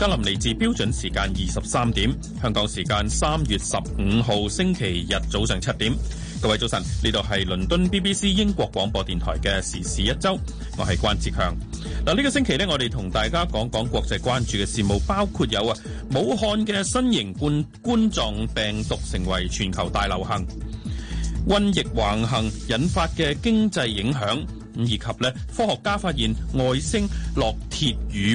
格林嚟自標準時間二十三點，香港時間三月十五號星期日早上七點。各位早晨，呢度係倫敦 BBC 英國廣播電台嘅時事一周，我係關智強。嗱，呢個星期咧，我哋同大家講講國際關注嘅事務，包括有啊，武漢嘅新型冠冠狀病毒成為全球大流行，瘟疫橫行引發嘅經濟影響，以及咧科學家發現外星落鐵雨。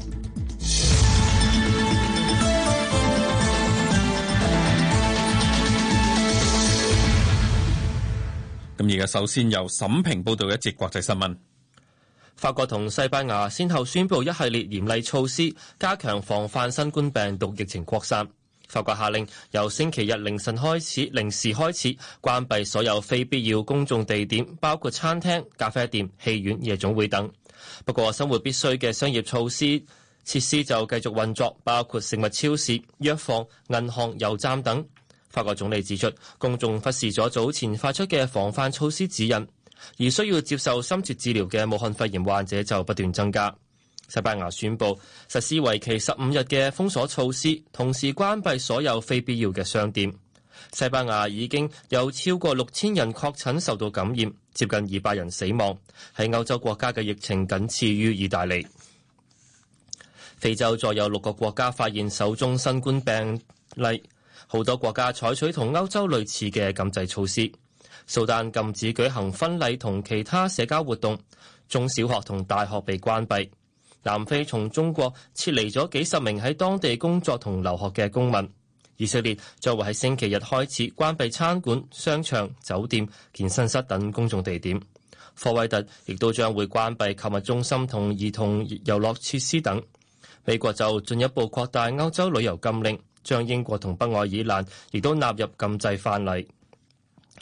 咁而家首先由沈平報道一節國際新聞。法國同西班牙先後宣布一系列嚴厲措施，加強防範新冠病毒疫情擴散。法國下令由星期日凌晨開始零時開始關閉所有非必要公眾地點，包括餐廳、咖啡店、戲院、夜總會等。不過生活必需嘅商業措施設施就繼續運作，包括食物超市、藥房、銀行、油站等。法國總理指出，公眾忽視咗早前發出嘅防範措施指引，而需要接受深切治療嘅武漢肺炎患者就不斷增加。西班牙宣布實施為期十五日嘅封鎖措施，同時關閉所有非必要嘅商店。西班牙已經有超過六千人確診受到感染，接近二百人死亡，喺歐洲國家嘅疫情僅次於意大利。非洲再有六個國家發現首宗新冠病例。好多國家採取同歐洲類似嘅禁制措施。蘇丹禁止舉行婚禮同其他社交活動，中小學同大學被關閉。南非從中國撤離咗幾十名喺當地工作同留學嘅公民。以色列將會喺星期日開始關閉餐館、商場、酒店、健身室等公眾地點。科威特亦都將會關閉購物中心同兒童遊樂設施等。美國就進一步擴大歐洲旅遊禁令。將英國同北愛爾蘭亦都納入禁制範圍。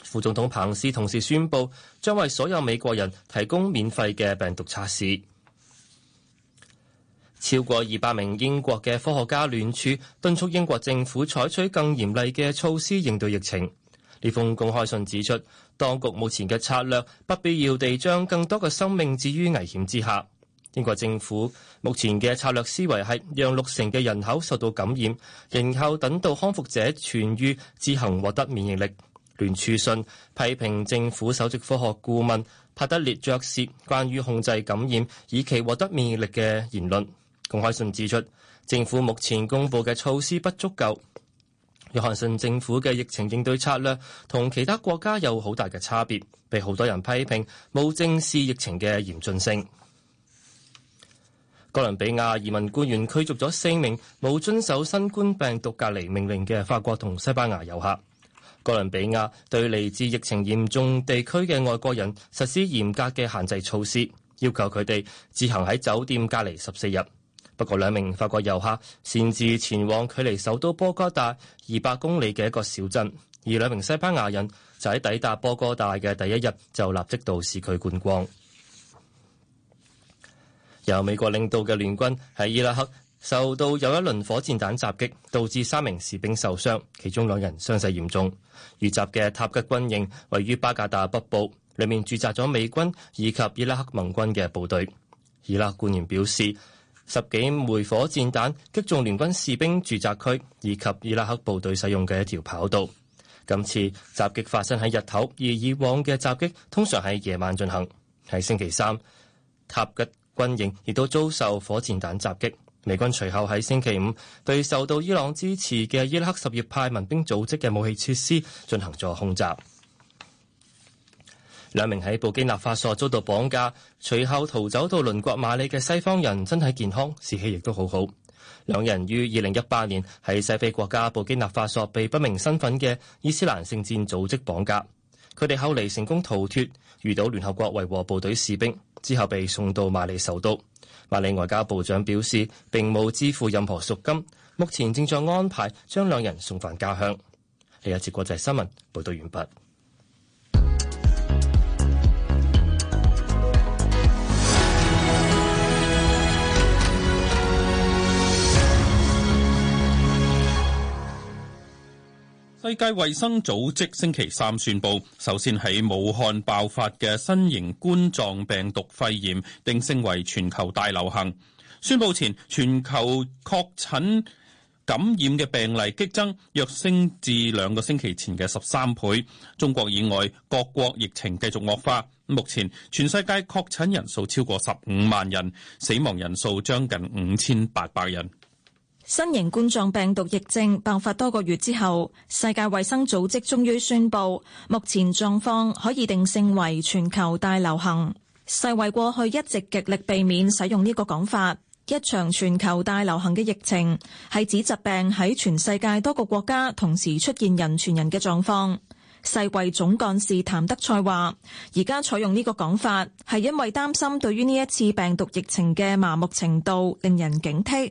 副總統彭斯同時宣布，將為所有美國人提供免費嘅病毒測試。超過二百名英國嘅科學家聯署敦促英國政府採取更嚴厲嘅措施應對疫情。呢封公開信指出，當局目前嘅策略不必要地將更多嘅生命置於危險之下。英國政府目前嘅策略思維係讓六成嘅人口受到感染，然後等到康復者痊愈，自行獲得免疫力。聯署信批評政府首席科學顧問帕德列爵士關於控制感染，以期獲得免疫力嘅言論。公開信指出，政府目前公布嘅措施不足夠。約翰遜政府嘅疫情應對策略同其他國家有好大嘅差別，被好多人批評冇正視疫情嘅嚴峻性。哥倫比亞移民官員驅逐咗四名冇遵守新冠病毒隔離命令嘅法國同西班牙遊客。哥倫比亞對嚟自疫情嚴重地區嘅外國人實施嚴格嘅限制措施，要求佢哋自行喺酒店隔離十四日。不過兩名法國遊客擅自前往距離首都波哥大二百公里嘅一個小鎮，而兩名西班牙人就喺抵達波哥大嘅第一日就立即到市區觀光。由美國領導嘅聯軍喺伊拉克受到有一輪火箭彈襲擊，導致三名士兵受傷，其中兩人傷勢嚴重。遇襲嘅塔吉軍營位於巴格達北部，裡面駐紮咗美軍以及伊拉克盟軍嘅部隊。伊拉克官員表示，十幾枚火箭彈擊中聯軍士兵住宅區以及伊拉克部隊使用嘅一條跑道。今次襲擊發生喺日頭，而以往嘅襲擊通常喺夜晚進行。喺星期三，塔吉軍營亦都遭受火箭彈襲擊。美軍隨後喺星期五對受到伊朗支持嘅伊拉克什葉派民兵組織嘅武器設施進行咗轟炸。兩名喺布基納法索遭到綁架，隨後逃走到鄰國馬里嘅西方人身體健康，士氣亦都好好。兩人於二零一八年喺西非國家布基納法索被不明身份嘅伊斯蘭聖戰組織綁架，佢哋後嚟成功逃脫，遇到聯合國維和部隊士兵。之後被送到馬里首都。馬里外交部長表示並冇支付任何贖金，目前正在安排將兩人送返家鄉。呢一結果就係新聞，報道完畢。世界衛生組織星期三宣布，首先喺武漢爆發嘅新型冠狀病毒肺炎定性為全球大流行。宣布前，全球確診感染嘅病例激增，約升至兩個星期前嘅十三倍。中國以外各國疫情繼續惡化。目前，全世界確診人數超過十五萬人，死亡人數將近五千八百人。新型冠狀病毒疫症爆發多個月之後，世界衛生組織終於宣布，目前狀況可以定性為全球大流行。世衛過去一直極力避免使用呢個講法。一場全球大流行嘅疫情係指疾病喺全世界多個國家同時出現人傳人嘅狀況，世衛總幹事譚德塞話而家採用呢個講法係因為擔心對於呢一次病毒疫情嘅麻木程度令人警惕。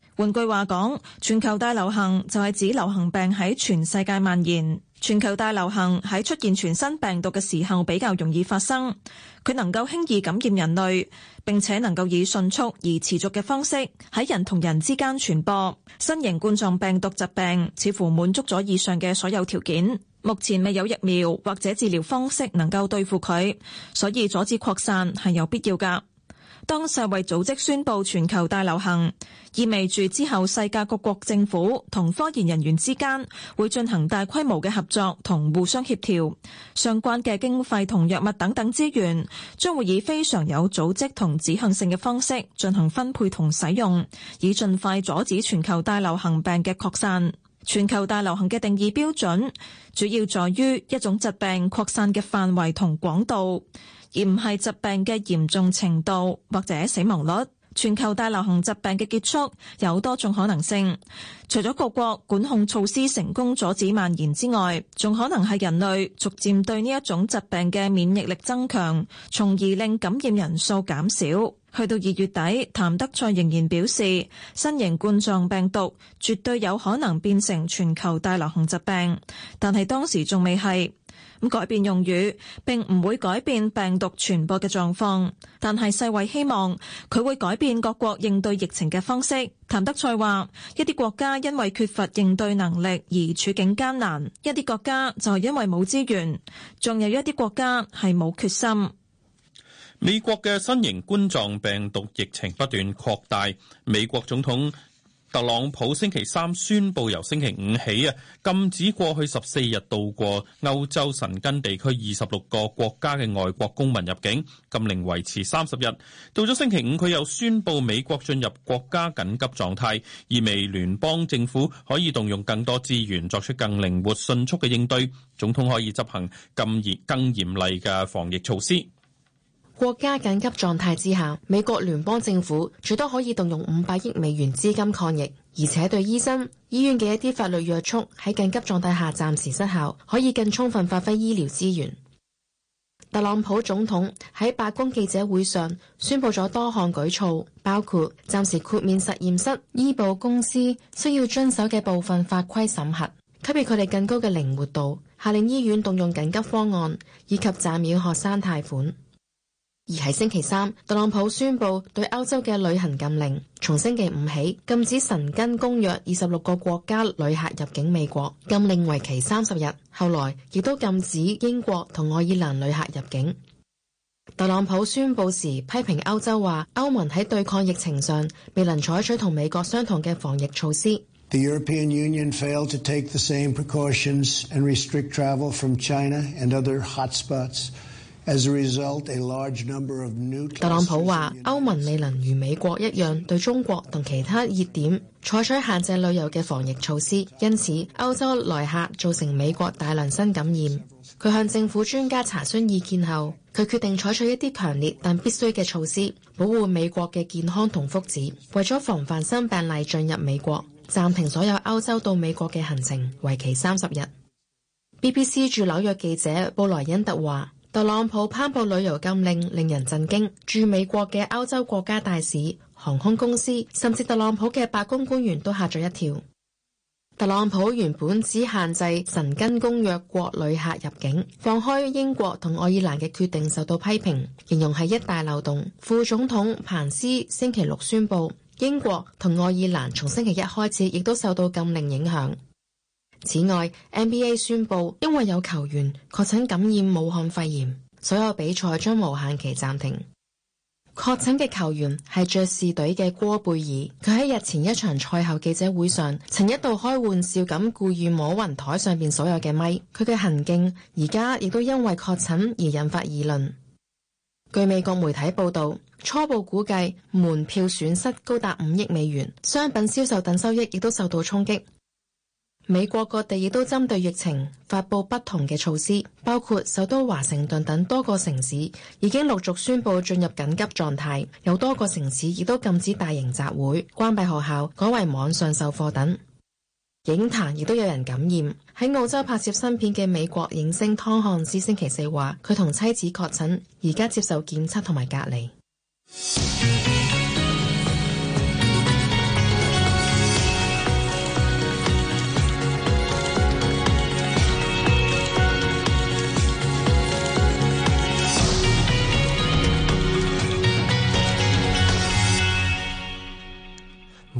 換句話講，全球大流行就係指流行病喺全世界蔓延。全球大流行喺出現全新病毒嘅時候比較容易發生，佢能夠輕易感染人類，並且能夠以迅速而持續嘅方式喺人同人之間傳播。新型冠狀病毒疾病似乎滿足咗以上嘅所有條件，目前未有疫苗或者治療方式能夠對付佢，所以阻止擴散係有必要噶。當世衛組織宣佈全球大流行，意味住之後世界各國政府同科研人員之間會進行大規模嘅合作同互相協調，相關嘅經費同藥物等等資源將會以非常有組織同指向性嘅方式進行分配同使用，以盡快阻止全球大流行病嘅擴散。全球大流行嘅定義標準主要在於一種疾病擴散嘅範圍同廣度，而唔係疾病嘅嚴重程度或者死亡率。全球大流行疾病嘅結束有多種可能性，除咗各國管控措施成功阻止蔓延之外，仲可能係人類逐漸對呢一種疾病嘅免疫力增強，從而令感染人數減少。去到二月底，譚德塞仍然表示，新型冠狀病毒絕對有可能變成全球大流行疾病，但係當時仲未係咁。改變用語，並唔會改變病毒傳播嘅狀況。但係世衛希望佢會改變各國應對疫情嘅方式。譚德塞話：一啲國家因為缺乏應對能力而處境艱難，一啲國家就係因為冇資源，仲有一啲國家係冇決心。美國嘅新型冠狀病毒疫情不斷擴大。美國總統特朗普星期三宣布，由星期五起啊，禁止過去十四日到過歐洲神根地區二十六個國家嘅外國公民入境禁令，維持三十日。到咗星期五，佢又宣布美國進入國家緊急狀態，意味聯邦政府可以動用更多資源，作出更靈活、迅速嘅應對。總統可以執行更嚴更嚴厲嘅防疫措施。國家緊急狀態之下，美國聯邦政府最多可以動用五百億美元資金抗疫，而且對醫生、醫院嘅一啲法律約束喺緊急狀態下暫時失效，可以更充分發揮醫療資源。特朗普總統喺白宮記者會上宣布咗多項舉措，包括暫時豁免實驗室、醫保公司需要遵守嘅部分法規審核，給予佢哋更高嘅靈活度；下令醫院動用緊急方案，以及暫免學生貸款。而喺星期三，特朗普宣布對歐洲嘅旅行禁令，從星期五起禁止神根公約二十六個國家旅客入境美國，禁令為期三十日。後來亦都禁止英國同愛爾蘭旅客入境。特朗普宣布時批評歐洲話，歐盟喺對抗疫情上未能採取同美國相同嘅防疫措施。The 特朗普話：歐盟未能如美國一樣對中國同其他熱點採取限制旅遊嘅防疫措施，因此歐洲來客造成美國大量新感染。佢向政府專家查詢意見後，佢決定採取一啲強烈但必須嘅措施，保護美國嘅健康同福祉。為咗防範新病例進入美國，暫停所有歐洲到美國嘅行程，為期三十日。BBC 駐紐約記者布萊恩特話。特朗普頒佈旅遊禁令令人震驚，駐美國嘅歐洲國家大使、航空公司甚至特朗普嘅白宮官員都嚇咗一跳。特朗普原本只限制神根公約國旅客入境，放開英國同愛爾蘭嘅決定受到批評，形容係一大漏洞。副總統彭斯星期六宣佈，英國同愛爾蘭從星期一開始亦都受到禁令影響。此外，NBA 宣布，因為有球員確診感染武漢肺炎，所有比賽將無限期暫停。確診嘅球員係爵士隊嘅戈貝爾，佢喺日前一場賽後記者會上，曾一度開玩笑咁故意摸雲台上邊所有嘅咪，佢嘅行徑而家亦都因為確診而引發議論。據美國媒體報道，初步估計門票損失高達五億美元，商品銷售等收益亦都受到衝擊。美國各地亦都針對疫情發佈不同嘅措施，包括首都華盛頓等多個城市已經陸續宣布進入緊急狀態，有多個城市亦都禁止大型集會、關閉學校、改為網上授課等。影壇亦都有人感染，喺澳洲拍攝新片嘅美國影星湯漢斯星期四話，佢同妻子確診，而家接受檢測同埋隔離。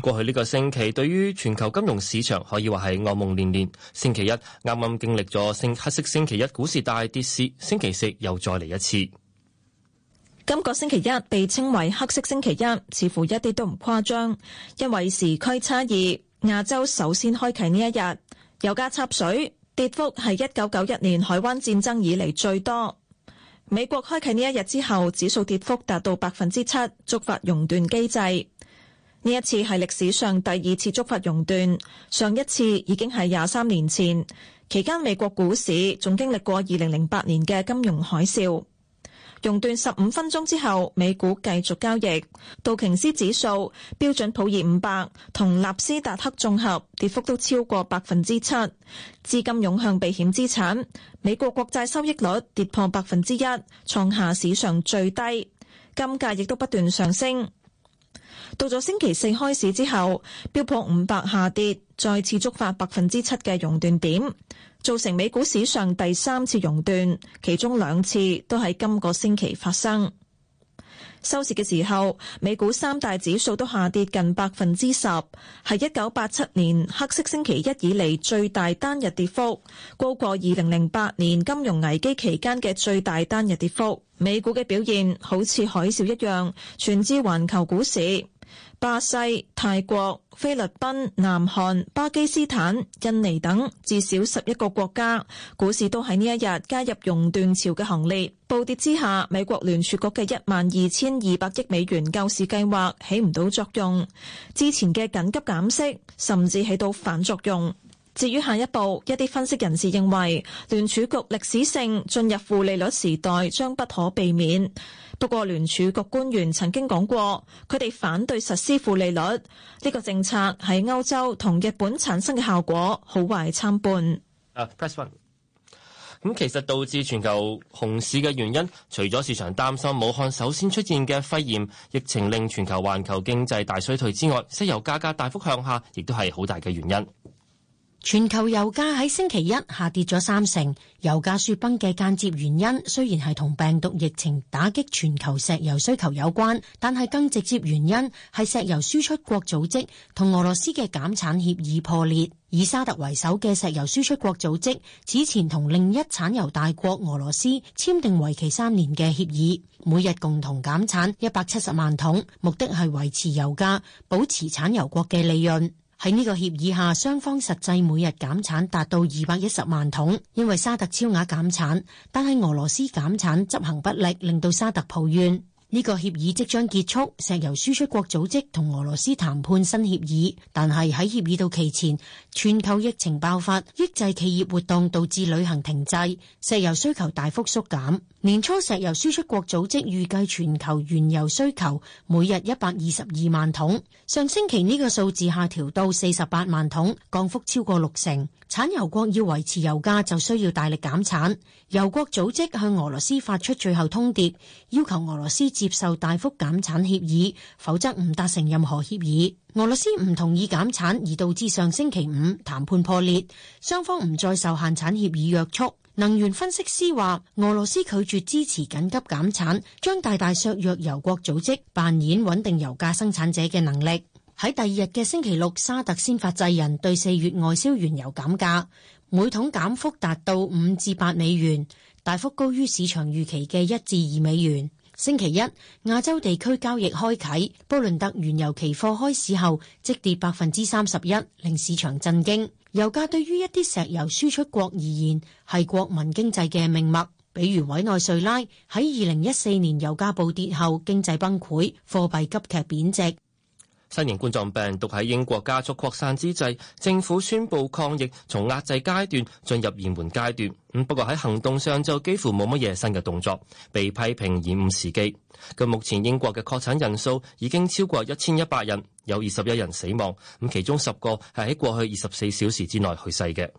過去呢個星期，對於全球金融市場可以話係噩夢連連。星期一啱啱經歷咗星黑色星期一，股市大跌市，市星期四又再嚟一次。今個星期一被稱為黑色星期一，似乎一啲都唔誇張，因為時區差異，亞洲首先開啟呢一日，油價插水，跌幅係一九九一年海灣戰爭以嚟最多。美國開啟呢一日之後，指數跌幅達到百分之七，觸發熔斷機制。呢一次係歷史上第二次觸發熔斷，上一次已經係廿三年前，期間美國股市仲經歷過二零零八年嘅金融海嘯。熔斷十五分鐘之後，美股繼續交易，道瓊斯指數、標準普爾五百同納斯達克綜合跌幅都超過百分之七，資金湧向避險資產，美國國債收益率跌破百分之一，創下史上最低，金價亦都不斷上升。到咗星期四開始之後，標普五百下跌，再次觸發百分之七嘅熔斷點，造成美股史上第三次熔斷，其中兩次都喺今個星期發生。收市嘅時候，美股三大指數都下跌近百分之十，係一九八七年黑色星期一以嚟最大單日跌幅，高過二零零八年金融危機期間嘅最大單日跌幅。美股嘅表現好似海嘯一樣，傳至全環球股市。巴西、泰國、菲律賓、南韓、巴基斯坦、印尼等至少十一個國家股市都喺呢一日加入熔斷潮嘅行列，暴跌之下，美國聯儲局嘅一萬二千二百億美元救市計劃起唔到作用，之前嘅緊急減息甚至起到反作用。至於下一步，一啲分析人士認為聯儲局歷史性進入負利率時代將不可避免。不過聯儲局官員曾經講過，佢哋反對實施負利率呢個政策，喺歐洲同日本產生嘅效果好壞參半。啊，Press One。咁其實導致全球熊市嘅原因，除咗市場擔心武漢首先出現嘅肺炎疫情令全球環球經濟大衰退之外，石油價格大幅向下，亦都係好大嘅原因。全球油價喺星期一下跌咗三成，油價雪崩嘅間接原因雖然係同病毒疫情打擊全球石油需求有關，但係更直接原因係石油輸出國組織同俄羅斯嘅減產協議破裂。以沙特為首嘅石油輸出國組織此前同另一產油大國俄羅斯簽訂為期三年嘅協議，每日共同減產一百七十萬桶，目的係維持油價，保持產油國嘅利潤。喺呢個協議下，雙方實際每日減產達到二百一十萬桶，因為沙特超額減產，但係俄羅斯減產執行不力，令到沙特抱怨。呢個協議即將結束，石油輸出國組織同俄羅斯談判新協議，但係喺協議到期前，全球疫情爆發，抑制企業活動，導致旅行停滯，石油需求大幅縮減。年初石油輸出國組織預計全球原油需求每日一百二十二萬桶，上星期呢個數字下調到四十八萬桶，降幅超過六成。產油國要維持油價就需要大力減產，油國組織向俄羅斯發出最後通牒，要求俄羅斯。接受大幅減產協議，否則唔達成任何協議。俄羅斯唔同意減產，而導致上星期五談判破裂，雙方唔再受限產協議約束。能源分析師話，俄羅斯拒絕支持緊急減產，將大大削弱油國組織扮演穩定油價生產者嘅能力。喺第二日嘅星期六，沙特先發制人，對四月外銷原油減價，每桶減幅達到五至八美元，大幅高於市場預期嘅一至二美元。星期一，亞洲地區交易開啟，布倫特原油期貨開市後即跌百分之三十一，令市場震驚。油價對於一啲石油輸出國而言係國民經濟嘅命脈，比如委內瑞拉喺二零一四年油價暴跌後經濟崩潰，貨幣急劇貶值。新型冠狀病毒喺英國加速擴散之際，政府宣布抗疫從壓制階段進入延緩階段。咁不過喺行動上就幾乎冇乜嘢新嘅動作，被批評延誤時機。據目前英國嘅確診人數已經超過一千一百人，有二十一人死亡。咁其中十個係喺過去二十四小時之內去世嘅。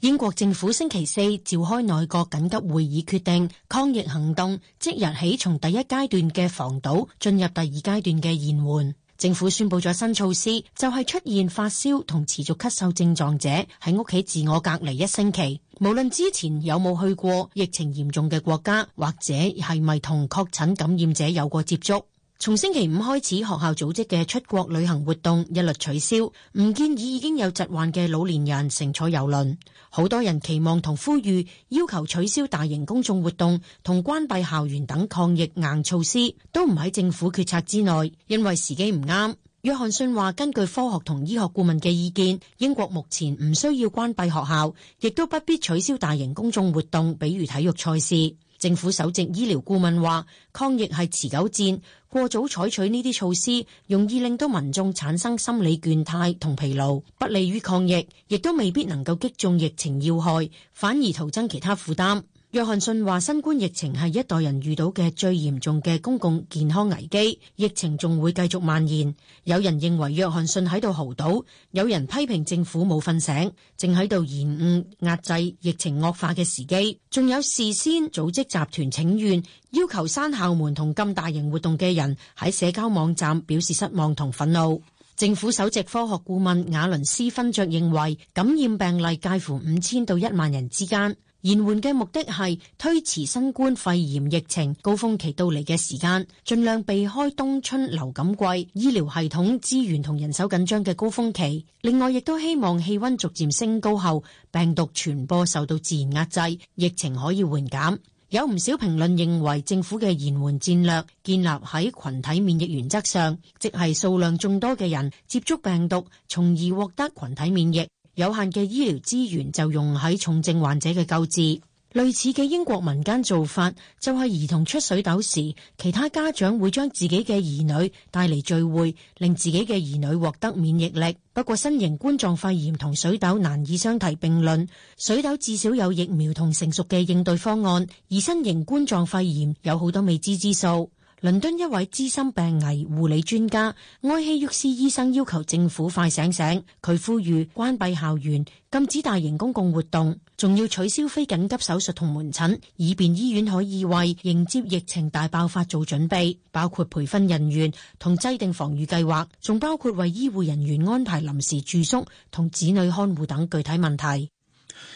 英國政府星期四召開內閣緊急會議，決定抗疫行動即日起從第一階段嘅防堵進入第二階段嘅延緩。政府宣布咗新措施，就係出現發燒同持續咳嗽症狀者喺屋企自我隔離一星期，無論之前有冇去過疫情嚴重嘅國家，或者係咪同確診感染者有過接觸。從星期五開始，學校組織嘅出國旅行活動一律取消，唔建議已經有疾患嘅老年人乘坐遊輪。好多人期望同呼籲，要求取消大型公眾活動同關閉校園等抗疫硬措施，都唔喺政府決策之內，因為時機唔啱。約翰遜話，根據科學同醫學顧問嘅意見，英國目前唔需要關閉學校，亦都不必取消大型公眾活動，比如體育賽事。政府首席醫療顧問話：抗疫係持久戰，過早採取呢啲措施，容易令到民眾產生心理倦怠同疲勞，不利於抗疫，亦都未必能夠擊中疫情要害，反而徒增其他負擔。約翰遜話，新冠疫情係一代人遇到嘅最嚴重嘅公共健康危機，疫情仲會繼續蔓延。有人認為約翰遜喺度豪賭，有人批評政府冇瞓醒，正喺度延誤壓制疫情惡化嘅時機。仲有事先組織集團請願，要求閂校門同禁大型活動嘅人喺社交網站表示失望同憤怒。政府首席科學顧問亞倫斯芬爵認為，感染病例介乎五千到一萬人之間。延緩嘅目的係推遲新冠肺炎疫情高峰期到嚟嘅時間，盡量避開冬春流感季、醫療系統資源同人手緊張嘅高峰期。另外，亦都希望氣溫逐漸升高後，病毒傳播受到自然壓制，疫情可以緩減。有唔少評論認為，政府嘅延緩戰略建立喺群體免疫原則上，即係數量眾多嘅人接觸病毒，從而獲得群體免疫。有限嘅醫療資源就用喺重症患者嘅救治。類似嘅英國民間做法，就係兒童出水痘時，其他家長會將自己嘅兒女帶嚟聚會，令自己嘅兒女獲得免疫力。不過，新型冠狀肺炎同水痘難以相提並論，水痘至少有疫苗同成熟嘅應對方案，而新型冠狀肺炎有好多未知之數。倫敦一位資深病危護理專家埃希沃斯醫生要求政府快醒醒，佢呼籲關閉校園、禁止大型公共活動，仲要取消非緊急手術同門診，以便醫院可以為迎接疫情大爆發做準備，包括培訓人員同制定防禦計劃，仲包括為醫護人員安排臨時住宿同子女看護等具體問題。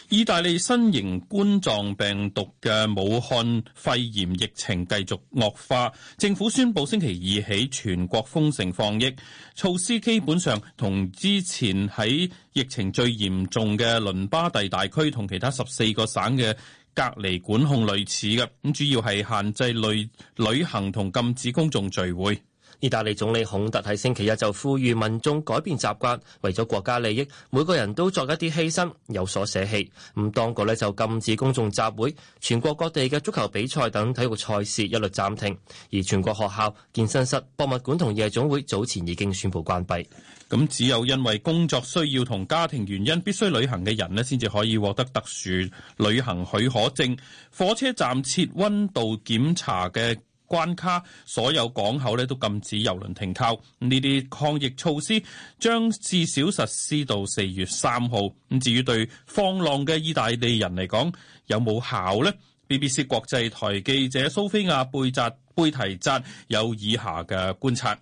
意大利新型冠狀病毒嘅武漢肺炎疫情繼續惡化，政府宣布星期二起全國封城防疫措施，基本上同之前喺疫情最嚴重嘅倫巴第大區同其他十四個省嘅隔離管控類似嘅，咁主要係限制類旅行同禁止公眾聚會。意大利總理孔特喺星期一就呼籲民眾改變習慣，為咗國家利益，每個人都作一啲犧牲，有所捨棄。咁當局咧就禁止公眾集會，全國各地嘅足球比賽等體育賽事一律暫停。而全國學校、健身室、博物館同夜總會早前已經宣布關閉。咁只有因為工作需要同家庭原因必須旅行嘅人咧，先至可以獲得特殊旅行許可證。火車站設溫度檢查嘅。關卡，所有港口咧都禁止遊輪停靠，呢啲抗疫措施將至少實施到四月三號。咁至於對放浪嘅意大利人嚟講有冇效呢？BBC 國際台記者蘇菲亞貝扎貝提扎有以下嘅觀察。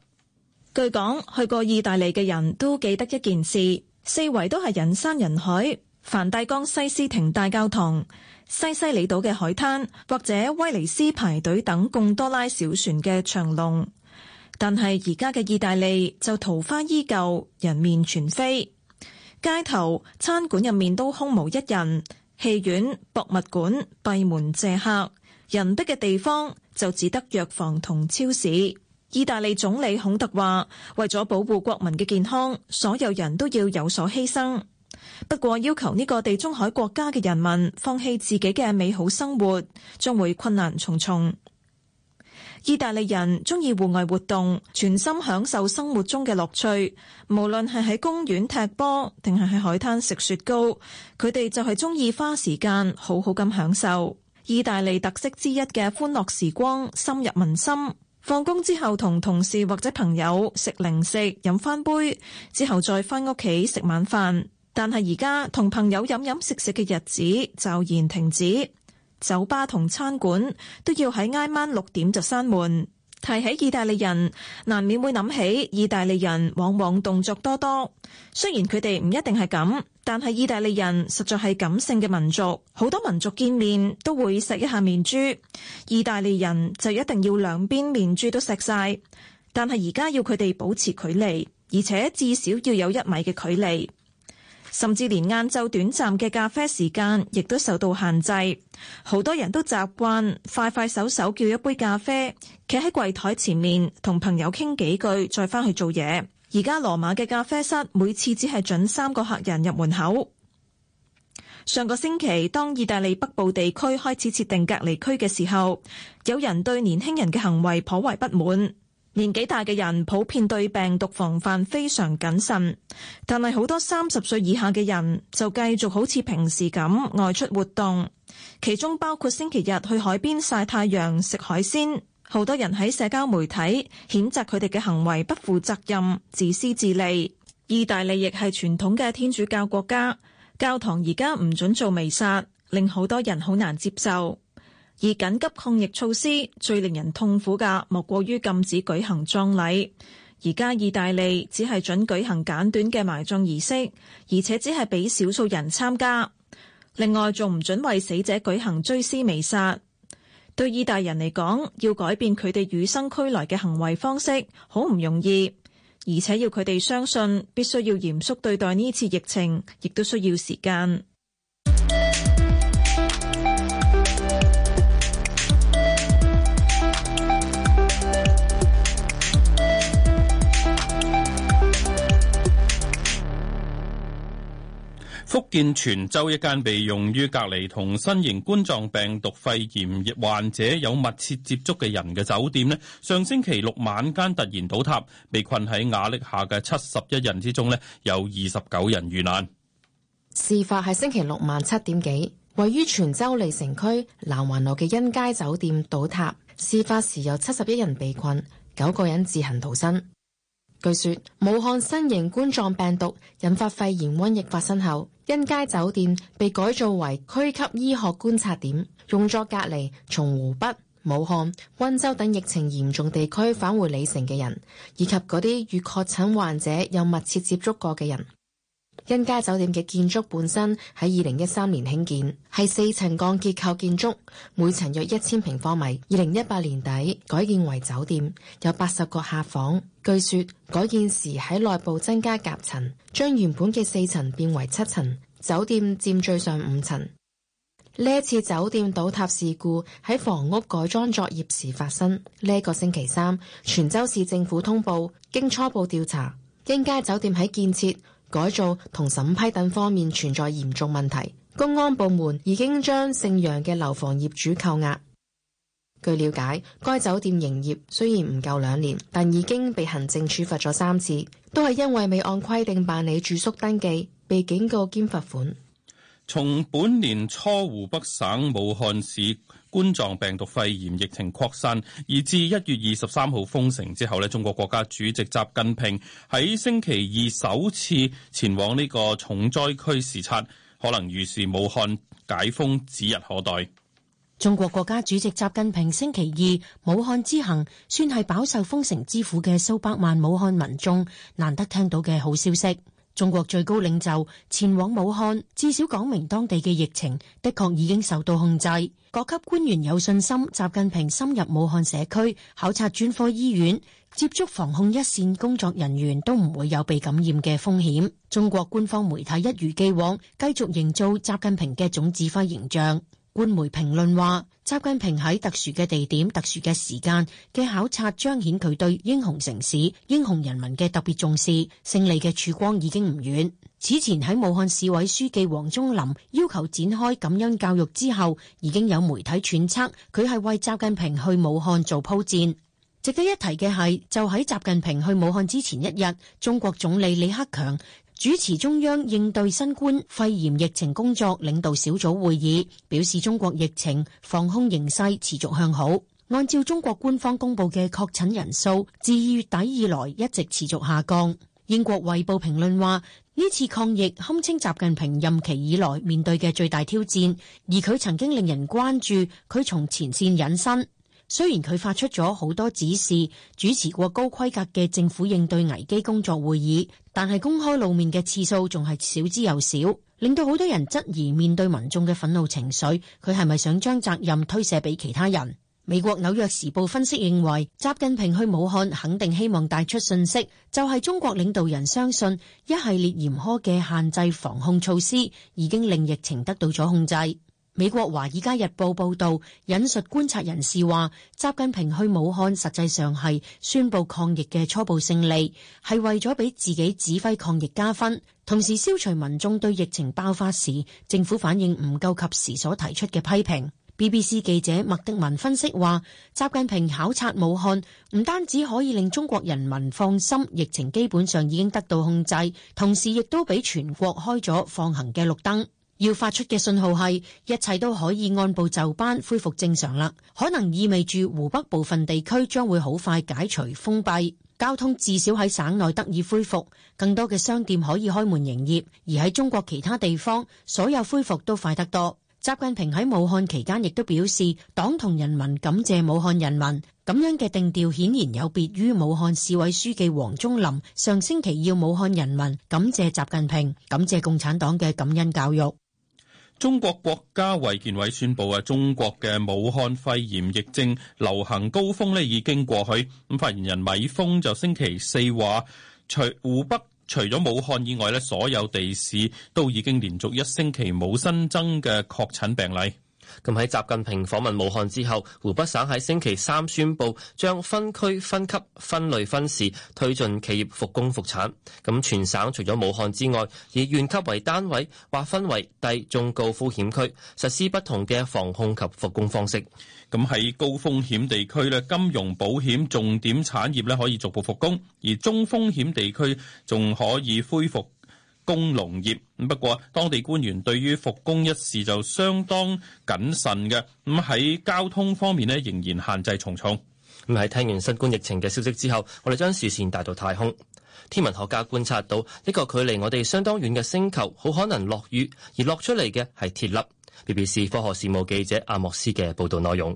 據講去過意大利嘅人都記得一件事，四圍都係人山人海，梵蒂岡西斯廷大教堂。西西里島嘅海灘，或者威尼斯排隊等貢多拉小船嘅長龍，但係而家嘅意大利就桃花依舊，人面全非。街頭、餐館入面都空無一人，戲院、博物館閉門謝客，人逼嘅地方就只得藥房同超市。意大利總理孔特話：為咗保護國民嘅健康，所有人都要有所犧牲。不過要求呢個地中海國家嘅人民放棄自己嘅美好生活，將會困難重重。意大利人中意戶外活動，全心享受生活中嘅樂趣，無論係喺公園踢波，定係喺海灘食雪糕，佢哋就係中意花時間好好咁享受意大利特色之一嘅歡樂時光，深入民心。放工之後，同同事或者朋友食零食，飲翻杯之後，再翻屋企食晚飯。但係而家同朋友飲飲，飲食食嘅日子驟然停止，酒吧同餐館都要喺捱晚六點就閂門。提起意大利人，難免會諗起意大利人往往動作多多。雖然佢哋唔一定係咁，但係意大利人實在係感性嘅民族。好多民族見面都會錫一下面珠，意大利人就一定要兩邊面珠都錫晒。但係而家要佢哋保持距離，而且至少要有一米嘅距離。甚至連晏晝短暫嘅咖啡時間，亦都受到限制。好多人都習慣快快手手叫一杯咖啡，企喺櫃台前面同朋友傾幾句，再返去做嘢。而家羅馬嘅咖啡室每次只係準三個客人入門口。上個星期，當意大利北部地區開始設定隔離區嘅時候，有人對年輕人嘅行為頗為不滿。年紀大嘅人普遍對病毒防範非常謹慎，但係好多三十歲以下嘅人就繼續好似平時咁外出活動，其中包括星期日去海邊曬太陽、食海鮮。好多人喺社交媒體譴責佢哋嘅行為不負責任、自私自利。意大利亦係傳統嘅天主教國家，教堂而家唔準做彌撒，令好多人好難接受。而緊急抗疫措施最令人痛苦噶，莫過於禁止舉行葬禮。而家意大利只係準舉行簡短嘅埋葬儀式，而且只係俾少數人參加。另外仲唔準為死者舉行追思彌撒。對意大人嚟講，要改變佢哋與生俱來嘅行為方式，好唔容易，而且要佢哋相信必須要嚴肅對待呢次疫情，亦都需要時間。福建泉州一間被用於隔離同新型冠狀病毒肺炎患者有密切接觸嘅人嘅酒店呢，上星期六晚間突然倒塌，被困喺瓦礫下嘅七十一人之中呢，有二十九人遇難。事發係星期六晚七點幾，位於泉州鯉城區南環路嘅欣佳酒店倒塌。事發時有七十一人被困，九個人自行逃生。據說武漢新型冠狀病毒引發肺炎瘟疫發生後，因街酒店被改造為區級醫學觀察點，用作隔離從湖北、武漢、温州等疫情嚴重地區返回里城嘅人，以及嗰啲與確診患者有密切接觸過嘅人。恩家酒店嘅建築本身喺二零一三年興建，係四層鋼結構建築，每層約一千平方米。二零一八年底改建為酒店，有八十個客房。據說改建時喺內部增加夾層，將原本嘅四層變為七層，酒店佔最上五層。呢一次酒店倒塌事故喺房屋改裝作業時發生。呢一個星期三，泉州市政府通報，經初步調查，恩家酒店喺建設。改造同審批等方面存在嚴重問題，公安部門已經將姓楊嘅樓房業主扣押。據了解，該酒店營業雖然唔夠兩年，但已經被行政處罰咗三次，都係因為未按規定辦理住宿登記，被警告兼罰款。從本年初湖北省武漢市冠狀病毒肺炎疫情擴散，以至一月二十三號封城之後呢，中國國家主席習近平喺星期二首次前往呢個重災區視察，可能預示武漢解封指日可待。中國國家主席習近平星期二武漢之行，算係飽受封城之苦嘅數百萬武漢民眾難得聽到嘅好消息。中國最高領袖前往武漢，至少講明當地嘅疫情的確已經受到控制。各級官員有信心，習近平深入武漢社區考察、專科醫院，接觸防控一線工作人員都唔會有被感染嘅風險。中國官方媒體一如既往，繼續營造習近平嘅總指揮形象。《官媒評論》話，習近平喺特殊嘅地點、特殊嘅時間嘅考察，彰顯佢對英雄城市、英雄人民嘅特別重視。勝利嘅曙光已經唔遠。此前喺武漢市委書記王忠林要求展開感恩教育之後，已經有媒體揣測佢係為習近平去武漢做鋪墊。值得一提嘅係，就喺習近平去武漢之前一日，中國總理李克強，主持中央應對新冠肺炎疫情工作領導小組會議，表示中國疫情防控形勢持續向好。按照中國官方公布嘅確診人數，自二月底以來一直持續下降。英國衛報評論話，呢次抗疫堪稱習近平任期以來面對嘅最大挑戰，而佢曾經令人關注佢從前線隱身。雖然佢發出咗好多指示，主持過高規格嘅政府應對危機工作會議，但係公開露面嘅次數仲係少之又少，令到好多人質疑面對民眾嘅憤怒情緒，佢係咪想將責任推卸俾其他人？美國紐約時報分析認為，習近平去武漢肯定希望帶出訊息，就係中國領導人相信一系列嚴苛嘅限制防控措施已經令疫情得到咗控制。美國《華爾街日報》報道，引述觀察人士話，習近平去武漢實際上係宣布抗疫嘅初步勝利，係為咗俾自己指揮抗疫加分，同時消除民眾對疫情爆發時政府反應唔夠及時所提出嘅批評。BBC 記者麥迪文分析話，習近平考察武漢，唔單止可以令中國人民放心，疫情基本上已經得到控制，同時亦都俾全國開咗放行嘅綠燈。要發出嘅信號係，一切都可以按部就班恢復正常啦。可能意味住湖北部分地區將會好快解除封閉，交通至少喺省內得以恢復，更多嘅商店可以開門營業。而喺中國其他地方，所有恢復都快得多。習近平喺武漢期間亦都表示，黨同人民感謝武漢人民。咁樣嘅定調顯然有別於武漢市委書記王忠林上星期要武漢人民感謝習近平、感謝共產黨嘅感恩教育。中國國家衛健委宣布啊，中國嘅武漢肺炎疫症流行高峰咧已經過去。咁發言人米鋒就星期四話，除湖北除咗武漢以外咧，所有地市都已經連續一星期冇新增嘅確診病例。咁喺習近平訪問武漢之後，湖北省喺星期三宣布將分區分級分類分時推進企業復工復產。咁全省除咗武漢之外，以縣級為單位劃分為低、中、高風險區，實施不同嘅防控及復工方式。咁喺高風險地區咧，金融保險重點產業咧可以逐步復工，而中風險地區仲可以恢復工農業。不過，當地官員對於復工一事就相當謹慎嘅。咁喺交通方面咧，仍然限制重重。咁喺聽完新冠疫情嘅消息之後，我哋將視線帶到太空。天文學家觀察到一個距離我哋相當遠嘅星球，好可能落雨，而落出嚟嘅係鐵粒。BBC 科學事務記者阿莫斯嘅報導內容。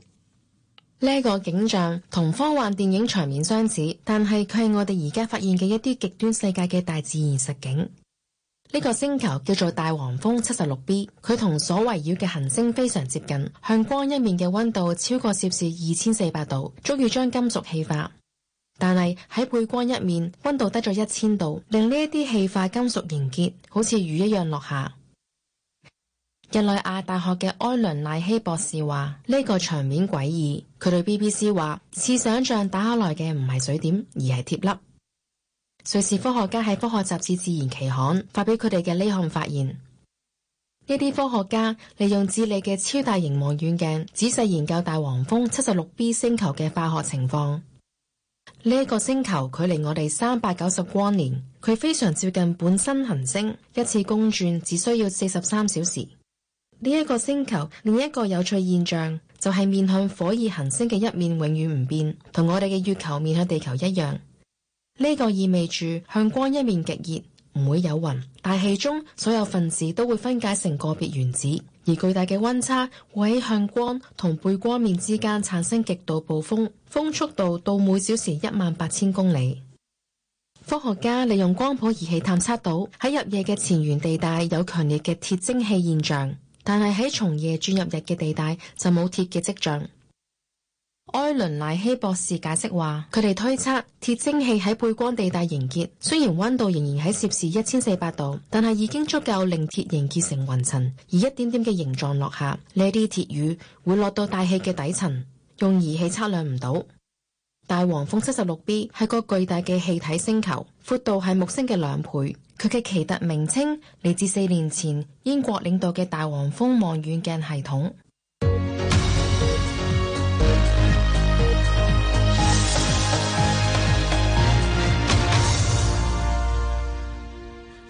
呢個景象同科幻電影場面相似，但係佢係我哋而家發現嘅一啲極端世界嘅大自然實景。呢個星球叫做大黃蜂七十六 B，佢同所圍繞嘅行星非常接近，向光一面嘅溫度超過攝氏二千四百度，足以將金屬氣化。但係喺背光一面，溫度低咗一千度，令呢一啲氣化金屬凝結，好似雨一樣落下。日內亞大學嘅埃倫賴希博士話：呢、這個場面詭異，佢對 BBC 話，似想像打下來嘅唔係水點，而係鐵粒。瑞士科學家喺科學雜誌《自然》期刊發表佢哋嘅呢項發現。呢啲科學家利用智利嘅超大型望遠鏡，仔細研究大黃蜂七十六 B 星球嘅化學情況。呢、這、一個星球距離我哋三百九十光年，佢非常接近本身行星，一次公轉只需要四十三小時。呢、這、一個星球另一個有趣現象就係、是、面向火熱行星嘅一面永遠唔變，同我哋嘅月球面向地球一樣。呢個意味住向光一面極熱，唔會有雲。大氣中所有分子都會分解成個別原子，而巨大嘅溫差會喺向光同背光面之間產生極度暴風，風速度到每小時一萬八千公里。科學家利用光譜儀器探測到喺入夜嘅前緣地帶有強烈嘅鐵蒸氣現象，但係喺從夜轉入日嘅地帶就冇鐵嘅跡象。埃倫·賴希博士解釋話，佢哋推測鐵蒸汽喺背光地帶凝結，雖然温度仍然喺攝氏一千四百度，但係已經足夠令鐵凝結成雲層，而一點點嘅形狀落下。呢啲鐵雨會落到大氣嘅底層，用儀器測量唔到。大黃蜂七十六 B 係個巨大嘅氣體星球，闊度係木星嘅兩倍。佢嘅奇特名稱嚟自四年前英國領導嘅大黃蜂望遠鏡系統。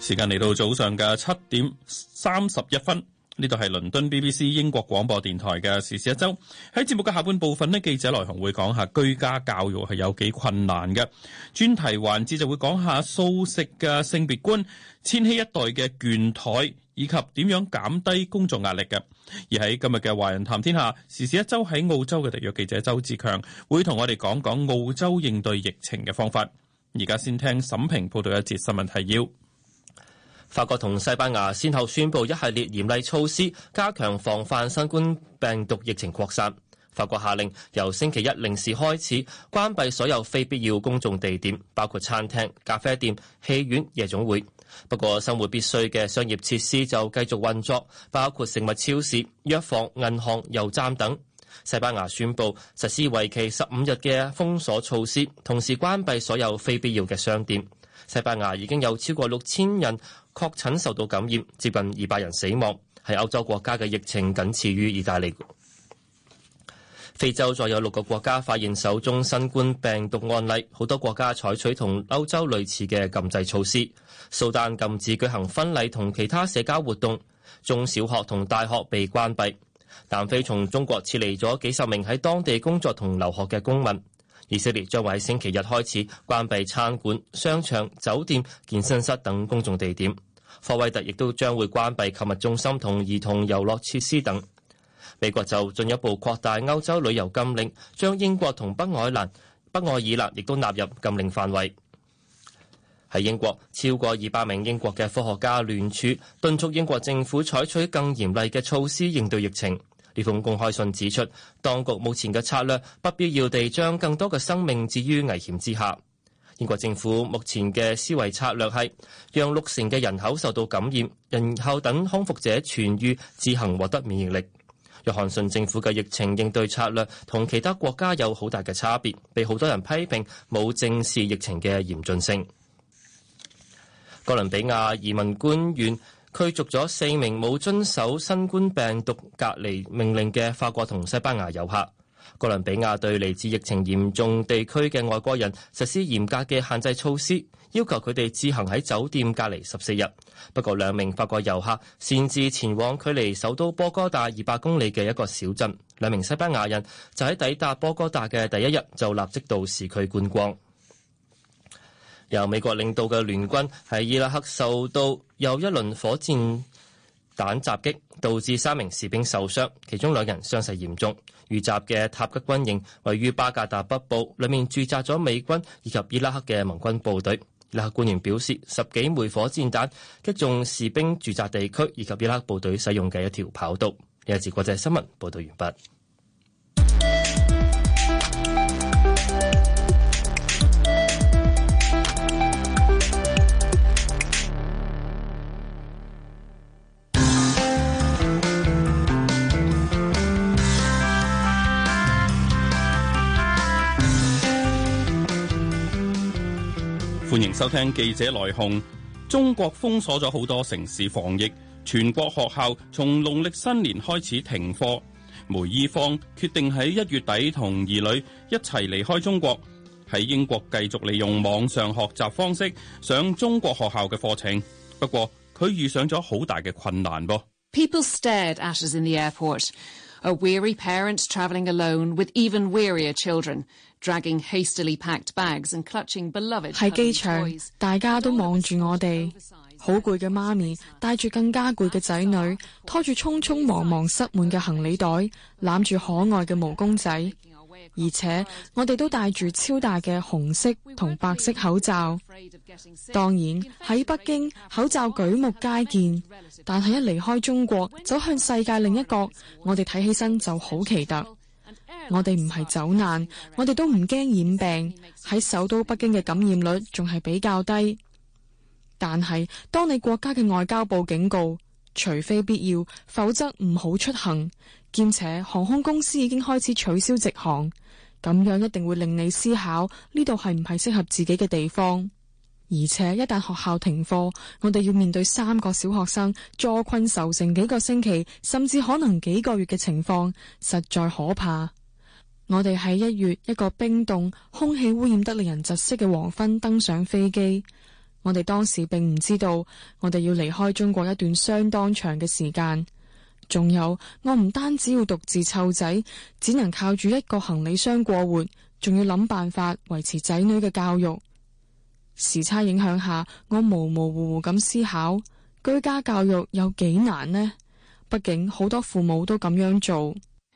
時間嚟到早上嘅七點三十一分，呢度係倫敦 BBC 英國廣播電台嘅時事一周，喺節目嘅下半部分呢，記者來紅會講下居家教育係有幾困難嘅專題環節，就會講下素食嘅性別觀、千禧一代嘅倦怠，以及點樣減低工作壓力嘅。而喺今日嘅華人談天下時事一周，喺澳洲嘅特約記者周志強會同我哋講講澳洲應對疫情嘅方法。而家先聽沈平報道一節新聞提要。法國同西班牙先後宣布一系列嚴厲措施，加強防範新冠病毒疫情擴散。法國下令由星期一零時開始關閉所有非必要公眾地點，包括餐廳、咖啡店、戲院、夜總會。不過，生活必需嘅商業設施就繼續運作，包括食物超市、藥房、銀行、油站等。西班牙宣布實施為期十五日嘅封鎖措施，同時關閉所有非必要嘅商店。西班牙已經有超過六千人確診受到感染，接近二百人死亡，係歐洲國家嘅疫情僅次於意大利。非洲再有六個國家發現首宗新冠病毒案例，好多國家採取同歐洲類似嘅禁制措施。蘇丹禁止舉行婚禮同其他社交活動，中小學同大學被關閉。南非從中國撤離咗幾十名喺當地工作同留學嘅公民。以色列將喺星期日開始關閉餐館、商場、酒店、健身室等公眾地點。科威特亦都將會關閉購物中心同兒童遊樂設施等。美國就進一步擴大歐洲旅遊禁令，將英國同北愛蘭、北愛爾蘭亦都納入禁令範圍。喺英國，超過二百名英國嘅科學家聯署敦促英國政府採取更嚴厲嘅措施應對疫情。呢封公開信指出，當局目前嘅策略不必要地將更多嘅生命置於危險之下。英國政府目前嘅思維策略係讓六成嘅人口受到感染，然後等康復者痊愈，自行獲得免疫力。約翰遜政府嘅疫情應對策略同其他國家有好大嘅差別，被好多人批評冇正視疫情嘅嚴峻性。哥倫比亞移民官員驅逐咗四名冇遵守新冠病毒隔離命令嘅法國同西班牙遊客。哥倫比亞對嚟自疫情嚴重地區嘅外國人實施嚴格嘅限制措施，要求佢哋自行喺酒店隔離十四日。不過兩名法國遊客擅自前往距離首都波哥大二百公里嘅一個小鎮，兩名西班牙人就喺抵達波哥大嘅第一日就立即到市區觀光。由美國領導嘅聯軍喺伊拉克受到又一輪火箭彈襲擊，導致三名士兵受傷，其中兩人傷勢嚴重。遇襲嘅塔吉軍營位於巴格達北部，裡面駐紮咗美軍以及伊拉克嘅盟軍部隊。伊拉克官員表示，十幾枚火箭彈擊中士兵駐紮地區以及伊拉克部隊使用嘅一條跑道。呢一節國際新聞報道完畢。歡迎收聽《記者來鴻》。中國封鎖咗好多城市防疫，全國學校從農曆新年開始停課。梅依芳決定喺一月底同兒女一齊離開中國，喺英國繼續利用網上學習方式上中國學校嘅課程。不過佢遇上咗好大嘅困難噃。People stared at us in the airport, a weary parent traveling alone with even wearier children. 喺機場，大家都望住我哋。好攰嘅媽咪帶住更加攰嘅仔女，拖住匆匆忙忙塞滿嘅行李袋，攬住可愛嘅毛公仔。而且我哋都戴住超大嘅紅色同白色口罩。當然喺北京口罩舉目皆見，但係一離開中國走向世界另一角，我哋睇起身就好奇特。我哋唔係走難，我哋都唔驚染病。喺首都北京嘅感染率仲係比較低，但係當你國家嘅外交部警告，除非必要，否則唔好出行。兼且航空公司已經開始取消直航，咁樣一定會令你思考呢度係唔係適合自己嘅地方。而且一旦學校停課，我哋要面對三個小學生坐困愁城幾個星期，甚至可能幾個月嘅情況，實在可怕。我哋喺一月一個冰凍、空氣污染得令人窒息嘅黃昏登上飛機。我哋當時並唔知道，我哋要離開中國一段相當長嘅時間。仲有，我唔單止要獨自湊仔，只能靠住一個行李箱過活，仲要諗辦法維持仔女嘅教育。時差影響下，我模模糊糊咁思考，居家教育有幾難呢？畢竟好多父母都咁樣做。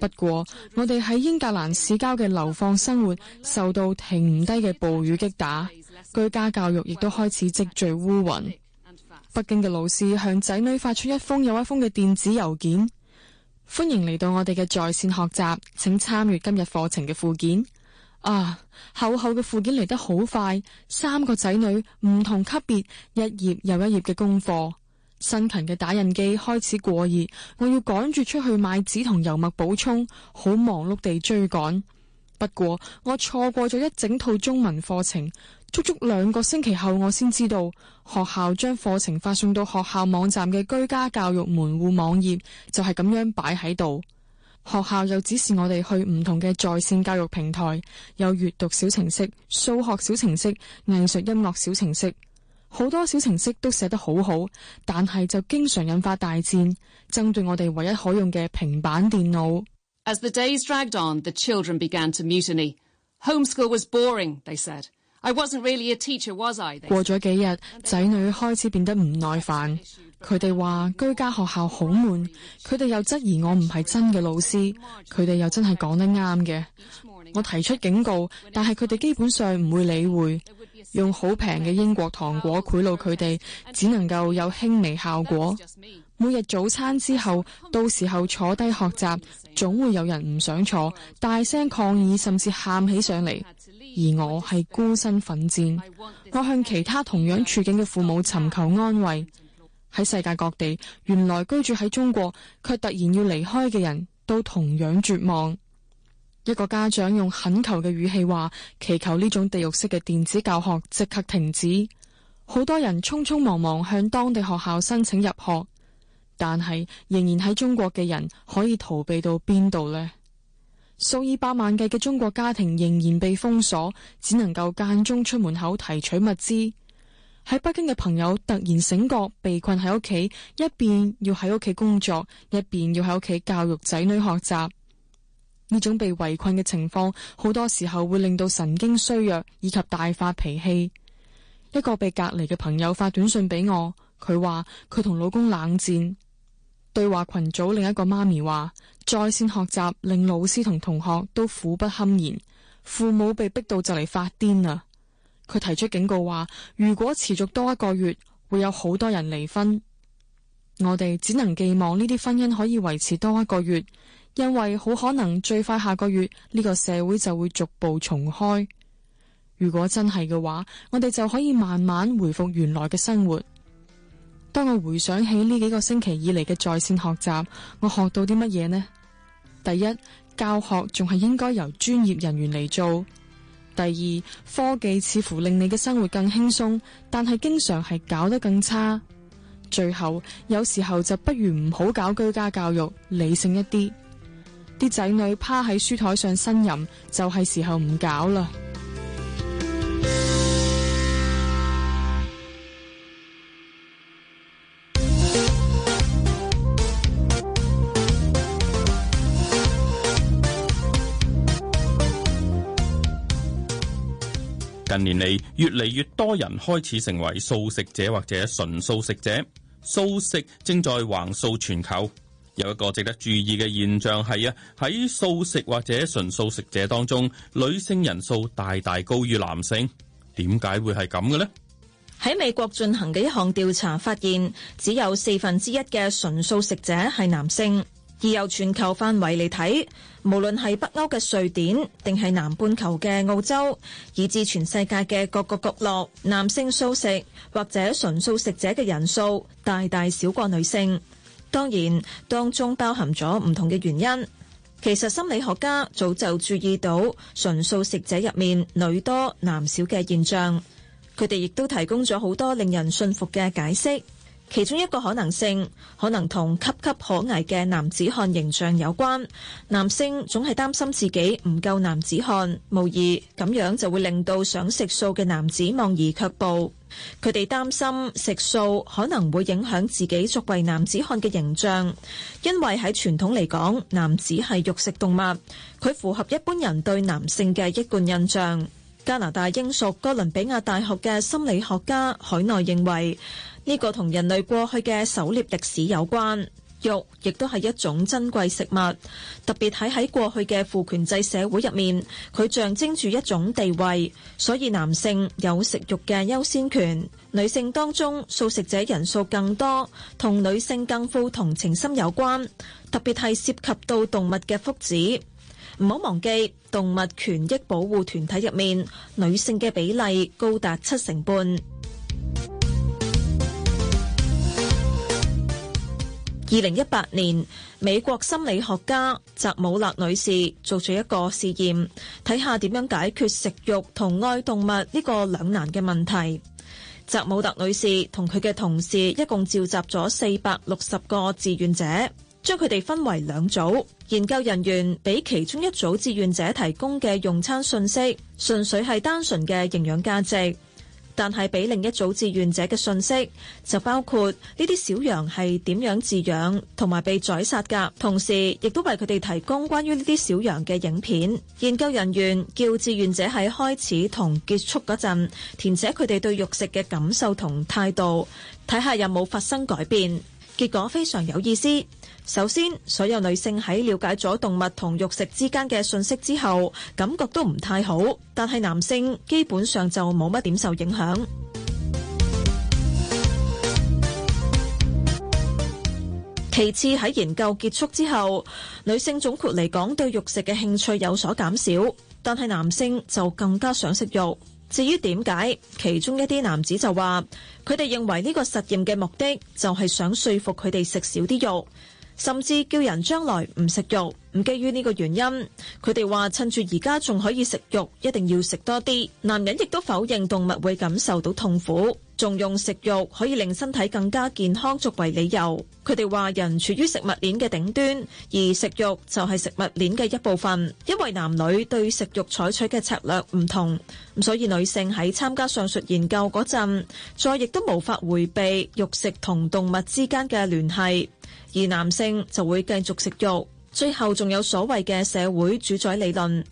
不過，我哋喺英格蘭市郊嘅流放生活，受到停唔低嘅暴雨擊打，居家教育亦都開始積聚烏雲。北京嘅老師向仔女發出一封又一封嘅電子郵件，歡迎嚟到我哋嘅在綫學習，請參與今日課程嘅附件。啊，厚厚嘅附件嚟得好快，三個仔女唔同級別一頁又一頁嘅功課。辛勤嘅打印機開始過熱，我要趕住出去買紙同油墨補充，好忙碌地追趕。不過我錯過咗一整套中文課程，足足兩個星期後我先知道學校將課程發送到學校網站嘅居家教育門戶網頁，就係咁樣擺喺度。學校又指示我哋去唔同嘅在綫教育平台，有閱讀小程式、數學小程式、藝術音樂小程式。好多小程式都寫得好好，但係就經常引發大戰，針對我哋唯一可用嘅平板電腦。過咗幾日，仔女開始變得唔耐煩，佢哋話居家學校好悶，佢哋又質疑我唔係真嘅老師，佢哋又真係講得啱嘅。我提出警告，但係佢哋基本上唔會理會。用好平嘅英國糖果賄賂佢哋，只能夠有輕微效果。每日早餐之後，到時候坐低學習，總會有人唔想坐，大聲抗議，甚至喊起上嚟。而我係孤身奮戰，我向其他同樣處境嘅父母尋求安慰。喺世界各地，原來居住喺中國，卻突然要離開嘅人都同樣絕望。一個家長用懇求嘅語氣話，祈求呢種地獄式嘅電子教學即刻停止。好多人匆匆忙忙向當地學校申請入學，但係仍然喺中國嘅人可以逃避到邊度呢？數以百萬計嘅中國家庭仍然被封鎖，只能夠間中出門口提取物資。喺北京嘅朋友突然醒覺，被困喺屋企，一邊要喺屋企工作，一邊要喺屋企教育仔女學習。呢種被圍困嘅情況，好多時候會令到神經衰弱以及大發脾氣。一個被隔離嘅朋友發短信俾我，佢話佢同老公冷戰。對話群組另一個媽咪話，在線學習令老師同同學都苦不堪言，父母被逼到就嚟發癲啦。佢提出警告話，如果持續多一個月，會有好多人離婚。我哋只能寄望呢啲婚姻可以維持多一個月。因為好可能最快下個月呢個社會就會逐步重開。如果真係嘅話，我哋就可以慢慢回復原來嘅生活。當我回想起呢幾個星期以嚟嘅在線學習，我學到啲乜嘢呢？第一，教學仲係應該由專業人員嚟做；第二，科技似乎令你嘅生活更輕鬆，但係經常係搞得更差。最後，有時候就不如唔好搞居家教育，理性一啲。啲仔女趴喺書台上呻吟，就係時候唔搞啦。近年嚟，越嚟越多人開始成為素食者或者純素食者，素食正在橫掃全球。有一個值得注意嘅現象係啊，喺素食或者純素食者當中，女性人數大大高於男性。點解會係咁嘅呢？喺美國進行嘅一項調查發現，只有四分之一嘅純素食者係男性。而由全球範圍嚟睇，無論係北歐嘅瑞典，定係南半球嘅澳洲，以至全世界嘅各個角落，男性素食或者純素食者嘅人數大大少過女性。當然，當中包含咗唔同嘅原因。其實心理學家早就注意到純素食者入面女多男少嘅現象，佢哋亦都提供咗好多令人信服嘅解釋。其中一個可能性，可能同岌岌可危嘅男子漢形象有關。男性總係擔心自己唔夠男子漢，無疑咁樣就會令到想食素嘅男子望而卻步。佢哋擔心食素可能會影響自己作為男子漢嘅形象，因為喺傳統嚟講，男子係肉食動物，佢符合一般人對男性嘅一貫印象。加拿大英屬哥倫比亞大學嘅心理學家海內認為，呢個同人類過去嘅狩獵歷史有關。肉亦都係一種珍貴食物，特別係喺過去嘅父權制社會入面，佢象徵住一種地位，所以男性有食肉嘅優先權。女性當中素食者人數更多，同女性更富同情心有關。特別係涉及到動物嘅福祉，唔好忘記動物權益保護團體入面，女性嘅比例高達七成半。二零一八年，美國心理學家澤姆勒女士做咗一個試驗，睇下點樣解決食肉同愛動物呢個兩難嘅問題。澤姆特女士同佢嘅同事一共召集咗四百六十個志願者，將佢哋分為兩組，研究人員俾其中一組志願者提供嘅用餐信息，純粹係單純嘅營養價值。但係俾另一組志願者嘅信息，就包括呢啲小羊係點樣飼養同埋被宰殺㗎。同時，亦都為佢哋提供關於呢啲小羊嘅影片。研究人員叫志願者喺開始同結束嗰陣填寫佢哋對肉食嘅感受同態度，睇下有冇發生改變。結果非常有意思。首先，所有女性喺了解咗動物同肉食之間嘅信息之後，感覺都唔太好。但係男性基本上就冇乜點受影響。其次，喺研究結束之後，女性總括嚟講對肉食嘅興趣有所減少，但係男性就更加想食肉。至於點解？其中一啲男子就話：佢哋認為呢個實驗嘅目的就係想説服佢哋食少啲肉，甚至叫人將來唔食肉。唔，基於呢個原因，佢哋話趁住而家仲可以食肉，一定要食多啲。男人亦都否認動物會感受到痛苦。仲用食肉可以令身體更加健康作為理由，佢哋話人處於食物鏈嘅頂端，而食肉就係食物鏈嘅一部分。因為男女對食肉採取嘅策略唔同，咁所以女性喺參加上述研究嗰陣，再亦都無法回避肉食同動物之間嘅聯繫，而男性就會繼續食肉。最後仲有所謂嘅社會主宰理論。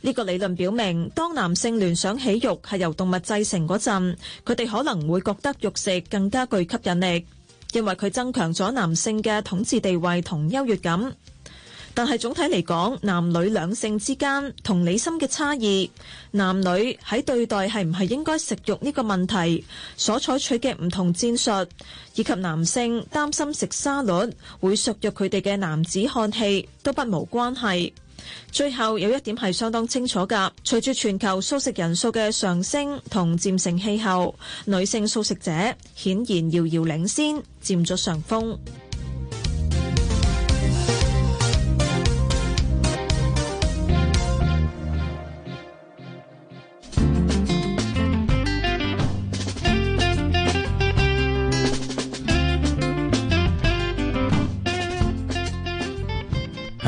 呢個理論表明，當男性聯想起肉係由動物製成嗰陣，佢哋可能會覺得肉食更加具吸引力，因為佢增強咗男性嘅統治地位同優越感。但係總體嚟講，男女兩性之間同理心嘅差異，男女喺對待係唔係應該食肉呢個問題所採取嘅唔同戰術，以及男性擔心食沙律會削弱佢哋嘅男子漢氣，都不無關係。最後有一點係相當清楚㗎，隨住全球素食人數嘅上升同漸成氣候，女性素食者顯然遙遙領先，佔咗上風。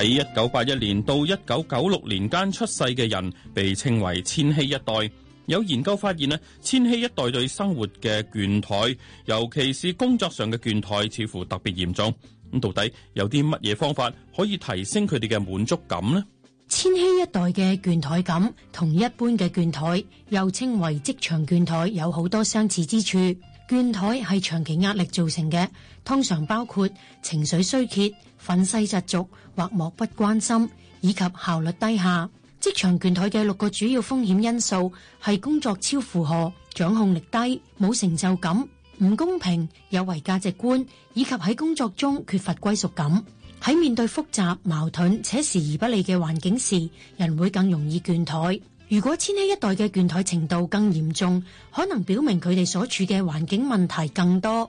喺一九八一年到一九九六年間出世嘅人被稱為千禧一代。有研究發現咧，千禧一代對生活嘅倦怠，尤其是工作上嘅倦怠，似乎特別嚴重。咁到底有啲乜嘢方法可以提升佢哋嘅滿足感呢？千禧一代嘅倦怠感同一般嘅倦怠，又稱為職場倦怠，有好多相似之處。倦怠係長期壓力造成嘅，通常包括情緒衰竭，憤世嫉俗或漠不關心，以及效率低下，職場倦怠嘅六個主要風險因素係工作超負荷、掌控力低、冇成就感、唔公平、有違價值觀，以及喺工作中缺乏歸屬感。喺面對複雜、矛盾且時而不利嘅環境時，人會更容易倦怠。如果千禧一代嘅倦怠程度更嚴重，可能表明佢哋所處嘅環境問題更多。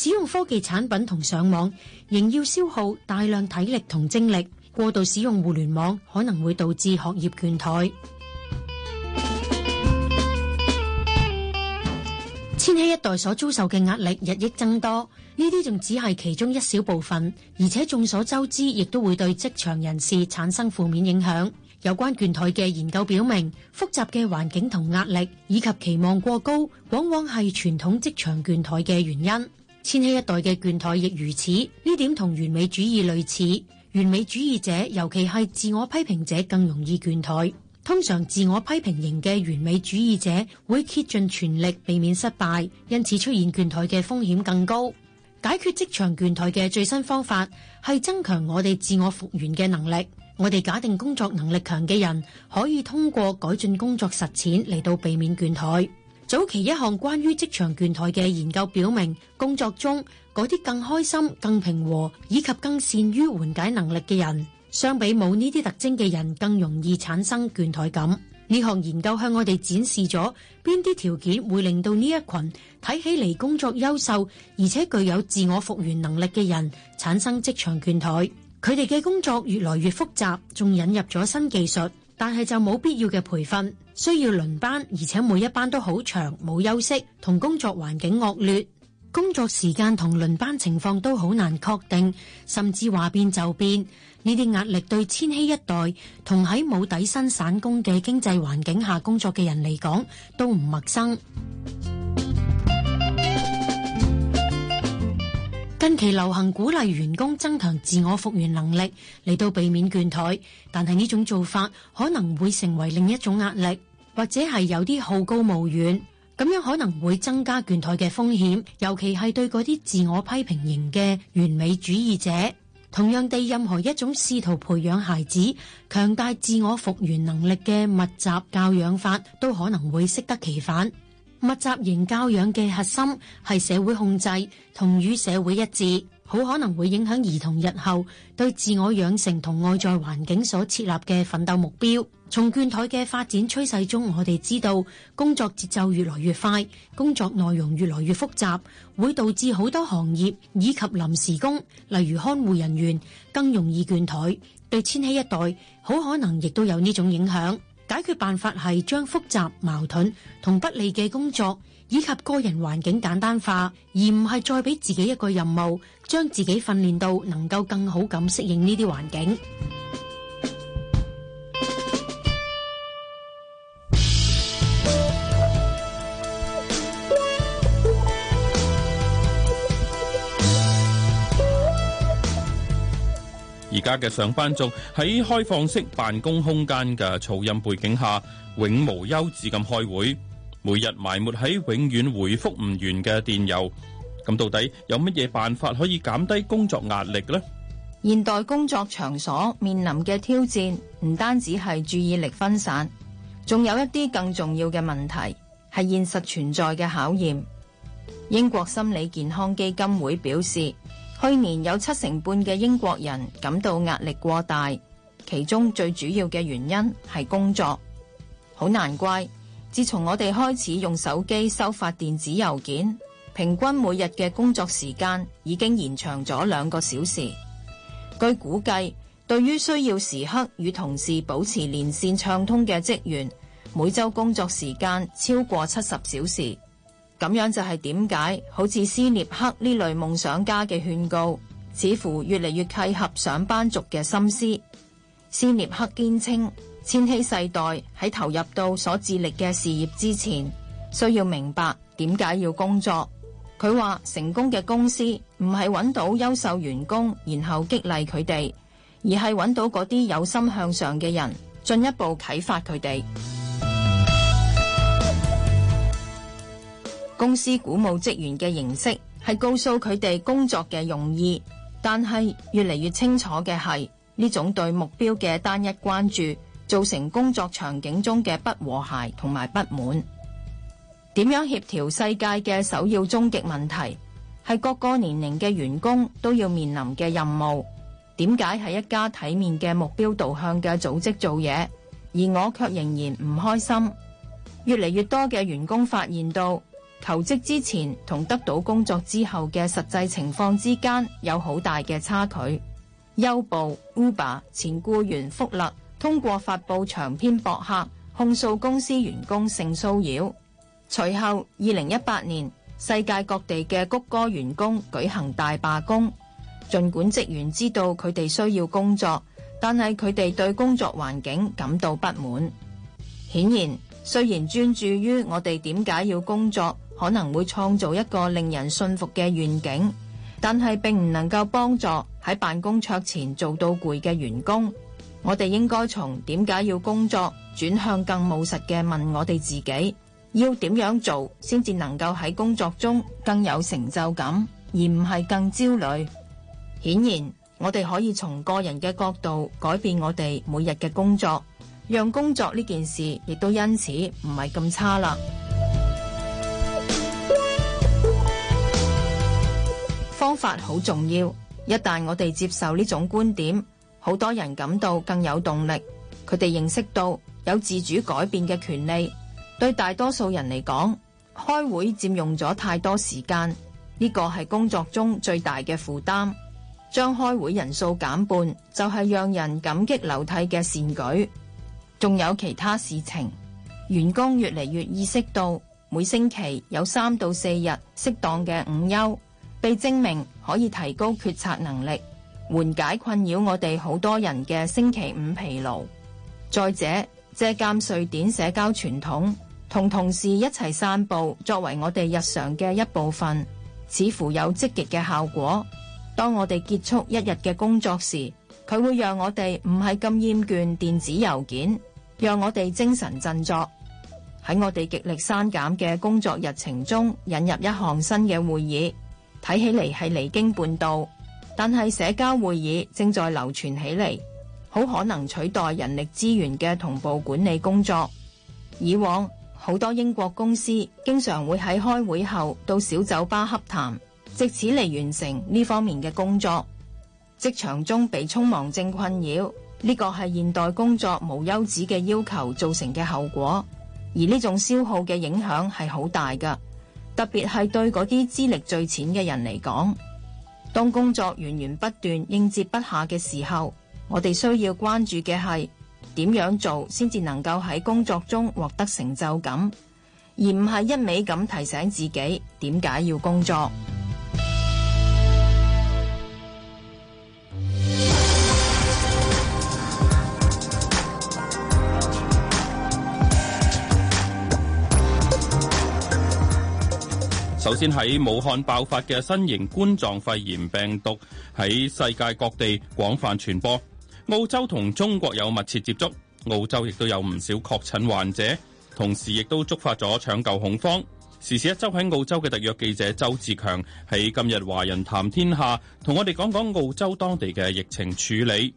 使用科技產品同上網仍要消耗大量體力同精力，過度使用互聯網可能會導致學業倦怠。 千禧一代所遭受嘅壓力日益增多，呢啲仲只係其中一小部分，而且眾所周知，亦都會對職場人士產生負面影響。有關倦怠嘅研究表明，複雜嘅環境同壓力以及期望過高，往往係傳統職場倦怠嘅原因。千禧一代嘅倦怠亦如此，呢點同完美主義類似。完美主義者尤其係自我批評者更容易倦怠。通常，自我批評型嘅完美主義者會竭盡全力避免失敗，因此出現倦怠嘅風險更高。解決職場倦怠嘅最新方法係增強我哋自我復原嘅能力。我哋假定工作能力強嘅人可以通過改進工作實踐嚟到避免倦怠。早期一項關於職場倦怠嘅研究表明，工作中嗰啲更開心、更平和以及更善於緩解能力嘅人，相比冇呢啲特徵嘅人，更容易產生倦怠感。呢項研究向我哋展示咗邊啲條件會令到呢一群睇起嚟工作優秀而且具有自我復原能力嘅人，產生職場倦怠。佢哋嘅工作越來越複雜，仲引入咗新技術。但係就冇必要嘅培訓，需要輪班，而且每一班都好長，冇休息，同工作環境惡劣，工作時間同輪班情況都好難確定，甚至話變就變。呢啲壓力對千禧一代同喺冇底薪散工嘅經濟環境下工作嘅人嚟講，都唔陌生。近期流行鼓勵員工增強自我復原能力，嚟到避免倦怠。但係呢種做法可能會成為另一種壓力，或者係有啲好高騖遠，咁樣可能會增加倦怠嘅風險，尤其係對嗰啲自我批評型嘅完美主義者。同樣地，任何一種試圖培養孩子強大自我復原能力嘅密集教養法，都可能會適得其反。密集型教養嘅核心係社會控制同與社會一致，好可能會影響兒童日後對自我養成同外在環境所設立嘅奮鬥目標。從倦怠嘅發展趨勢中，我哋知道工作節奏越來越快，工作內容越來越複雜，會導致好多行業以及臨時工，例如看護人員，更容易倦怠。對千禧一代，好可能亦都有呢種影響。解決辦法係將複雜、矛盾同不利嘅工作，以及個人環境簡單化，而唔係再俾自己一個任務，將自己訓練到能夠更好咁適應呢啲環境。而家嘅上班族喺開放式辦公空間嘅噪音背景下，永無休止咁開會，每日埋沒喺永遠回覆唔完嘅電郵。咁到底有乜嘢辦法可以減低工作壓力呢？現代工作場所面臨嘅挑戰唔單止係注意力分散，仲有一啲更重要嘅問題係現實存在嘅考驗。英國心理健康基金會表示，去年有七成半嘅英國人感到壓力過大，其中最主要嘅原因係工作。好難怪，自從我哋開始用手機收發電子郵件，平均每日嘅工作時間已經延長咗兩個小時。據估計，對於需要時刻與同事保持連線暢通嘅職員，每週工作時間超過七十小時。咁樣就係點解好似斯涅克呢類夢想家嘅勸告，似乎越嚟越契合上班族嘅心思。斯涅克堅稱，千禧世代喺投入到所致力嘅事業之前，需要明白點解要工作。佢話，成功嘅公司唔係揾到優秀員工然後激勵佢哋，而係揾到嗰啲有心向上嘅人，進一步啟發佢哋。公司鼓舞職員嘅形式係告訴佢哋工作嘅用意，但係越嚟越清楚嘅係呢種對目標嘅單一關注，造成工作場景中嘅不和諧同埋不滿。點樣協調世界嘅首要終極問題，係各個年齡嘅員工都要面臨嘅任務。點解喺一家體面嘅目標導向嘅組織做嘢，而我卻仍然唔開心？越嚟越多嘅員工發現到。求職之前同得到工作之後嘅實際情況之間有好大嘅差距。優步、Uber 前僱員福勒通過發佈長篇博客控訴公司員工性騷擾。隨後，二零一八年世界各地嘅谷歌員工舉行大罷工。儘管職員知道佢哋需要工作，但係佢哋對工作環境感到不滿。顯然，雖然專注於我哋點解要工作。可能會創造一個令人信服嘅願景，但係並唔能夠幫助喺辦公桌前做到攰嘅員工。我哋應該從點解要工作轉向更務實嘅，問我哋自己要點樣做，先至能夠喺工作中更有成就感，而唔係更焦慮。顯然，我哋可以從個人嘅角度改變我哋每日嘅工作，讓工作呢件事亦都因此唔係咁差啦。方法好重要。一旦我哋接受呢種觀點，好多人感到更有動力。佢哋認識到有自主改變嘅權利。對大多數人嚟講，開會佔用咗太多時間，呢個係工作中最大嘅負擔。將開會人數減半就係讓人感激流涕嘅善舉。仲有其他事情，員工越嚟越意識到每星期有三到四日適當嘅午休。被證明可以提高決策能力，緩解困擾我哋好多人嘅星期五疲勞。再者，借鑒瑞典社交傳統，同同事一齊散步，作為我哋日常嘅一部分，似乎有積極嘅效果。當我哋結束一日嘅工作時，佢會讓我哋唔係咁厭倦電子郵件，讓我哋精神振作。喺我哋極力刪減嘅工作日程中，引入一項新嘅會議。睇起嚟係離經叛道，但係社交會議正在流傳起嚟，好可能取代人力資源嘅同步管理工作。以往好多英國公司經常會喺開會後到小酒吧洽談，藉此嚟完成呢方面嘅工作。職場中被匆忙症困擾，呢個係現代工作無休止嘅要求造成嘅後果，而呢種消耗嘅影響，係好大噶。特別係對嗰啲資歷最淺嘅人嚟講，當工作源源不斷，應接不下嘅時候，我哋需要關注嘅係點樣做先至能夠喺工作中獲得成就感，而唔係一味咁提醒自己點解要工作。首先喺武漢爆發嘅新型冠狀肺炎病毒喺世界各地廣泛傳播，澳洲同中國有密切接觸，澳洲亦都有唔少確診患者，同時亦都觸發咗搶救恐慌。時事一周喺澳洲嘅特約記者周志強喺今日華人談天下同我哋講講澳洲當地嘅疫情處理。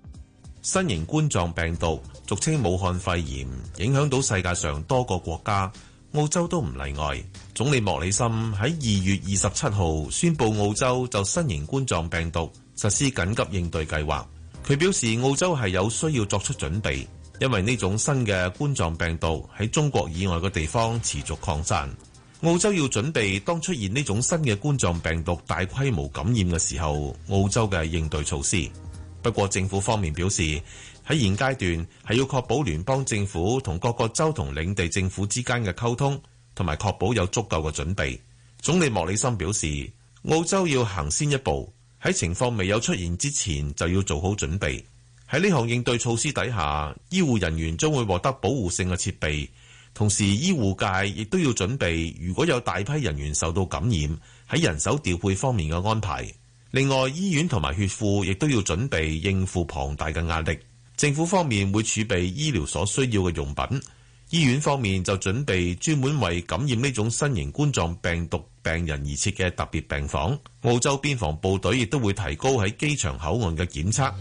新型冠狀病毒，俗稱武漢肺炎，影響到世界上多個國家。澳洲都唔例外，總理莫里森喺二月二十七號宣布澳洲就新型冠狀病毒實施緊急應對計劃。佢表示澳洲係有需要作出準備，因為呢種新嘅冠狀病毒喺中國以外嘅地方持續擴散，澳洲要準備當出現呢種新嘅冠狀病毒大規模感染嘅時候，澳洲嘅應對措施。不過政府方面表示，喺現階段係要確保聯邦政府同各個州同領地政府之間嘅溝通，同埋確保有足夠嘅準備。總理莫里森表示，澳洲要行先一步，喺情況未有出現之前就要做好準備。喺呢項應對措施底下，醫護人員將會獲得保護性嘅設備，同時醫護界亦都要準備，如果有大批人員受到感染，喺人手調配方面嘅安排。另外，醫院同埋血庫亦都要準備應付龐大嘅壓力。政府方面會儲備醫療所需要嘅用品，醫院方面就準備專門為感染呢種新型冠狀病毒病人而設嘅特別病房。澳洲邊防部隊亦都會提高喺機場口岸嘅檢測。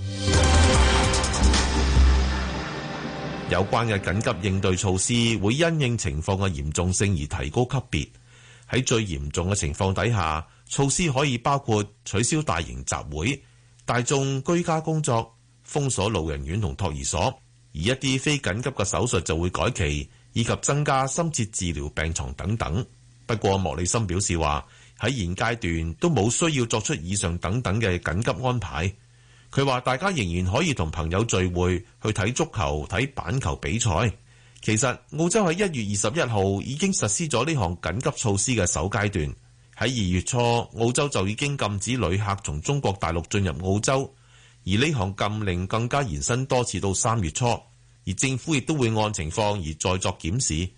有關嘅緊急應對措施會因應情況嘅嚴重性而提高級別。喺最嚴重嘅情況底下，措施可以包括取消大型集會、大眾居家工作。封鎖老人院同托兒所，而一啲非緊急嘅手術就會改期，以及增加深切治療病床等等。不過莫里森表示話喺現階段都冇需要作出以上等等嘅緊急安排。佢話大家仍然可以同朋友聚會，去睇足球、睇板球比賽。其實澳洲喺一月二十一號已經實施咗呢項緊急措施嘅首階段。喺二月初，澳洲就已經禁止旅客從中國大陸進入澳洲。而呢項禁令更加延伸多次到三月初，而政府亦都會按情況而再作檢視。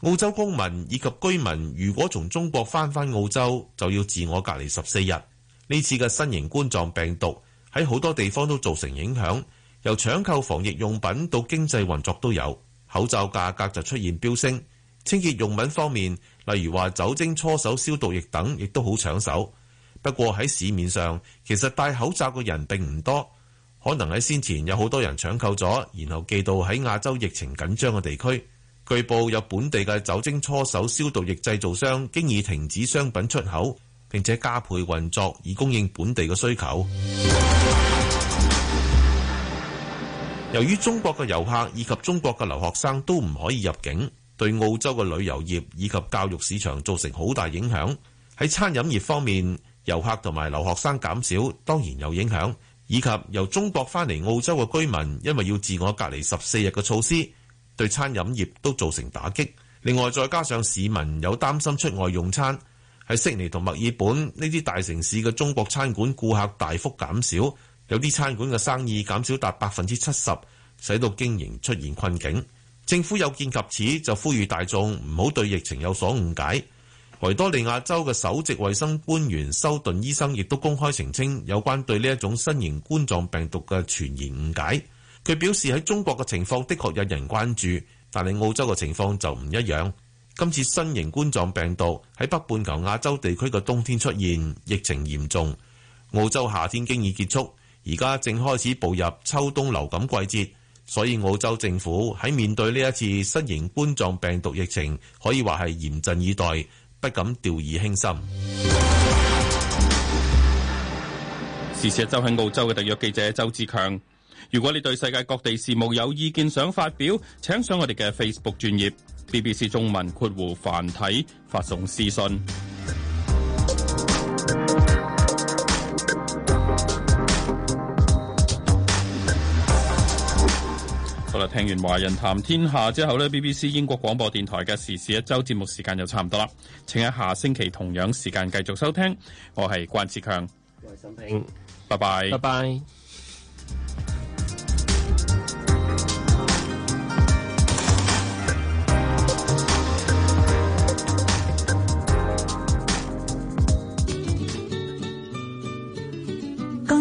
澳洲公民以及居民如果從中國翻返澳洲，就要自我隔離十四日。呢次嘅新型冠狀病毒喺好多地方都造成影響，由搶購防疫用品到經濟運作都有。口罩價格就出現飆升，清潔用品方面，例如話酒精搓手消毒液等，亦都好搶手。不過喺市面上，其實戴口罩嘅人並唔多，可能喺先前有好多人搶購咗，然後寄到喺亞洲疫情緊張嘅地區。據報有本地嘅酒精搓手消毒液製造商經已停止商品出口，並且加倍運作以供應本地嘅需求。由於中國嘅遊客以及中國嘅留學生都唔可以入境，對澳洲嘅旅遊業以及教育市場造成好大影響。喺餐飲業方面，遊客同埋留學生減少，當然有影響，以及由中國返嚟澳洲嘅居民，因為要自我隔離十四日嘅措施，對餐飲業都造成打擊。另外，再加上市民有擔心出外用餐，喺悉尼同墨爾本呢啲大城市嘅中國餐館顧客大幅減少，有啲餐館嘅生意減少達百分之七十，使到經營出現困境。政府有見及此，就呼籲大眾唔好對疫情有所誤解。維多利亞州嘅首席衛生官員修頓醫生亦都公開澄清有關對呢一種新型冠狀病毒嘅傳言誤解。佢表示喺中國嘅情況的確有人關注，但係澳洲嘅情況就唔一樣。今次新型冠狀病毒喺北半球亞洲地區嘅冬天出現，疫情嚴重，澳洲夏天經已結束，而家正開始步入秋冬流感季節，所以澳洲政府喺面對呢一次新型冠狀病毒疫情，可以話係嚴陣以待。不敢掉以輕心。時事一周喺澳洲嘅特約記者周志強。如果你對世界各地事務有意見想發表，請上我哋嘅 Facebook 專頁 BBC 中文括弧繁體，發送私信。好啦，聽完華人談天下之後呢 BBC 英國廣播電台嘅時事一周節目時間就差唔多啦。請喺下星期同樣時間繼續收聽。我係關志強，我係沈平，拜拜 bye，拜拜。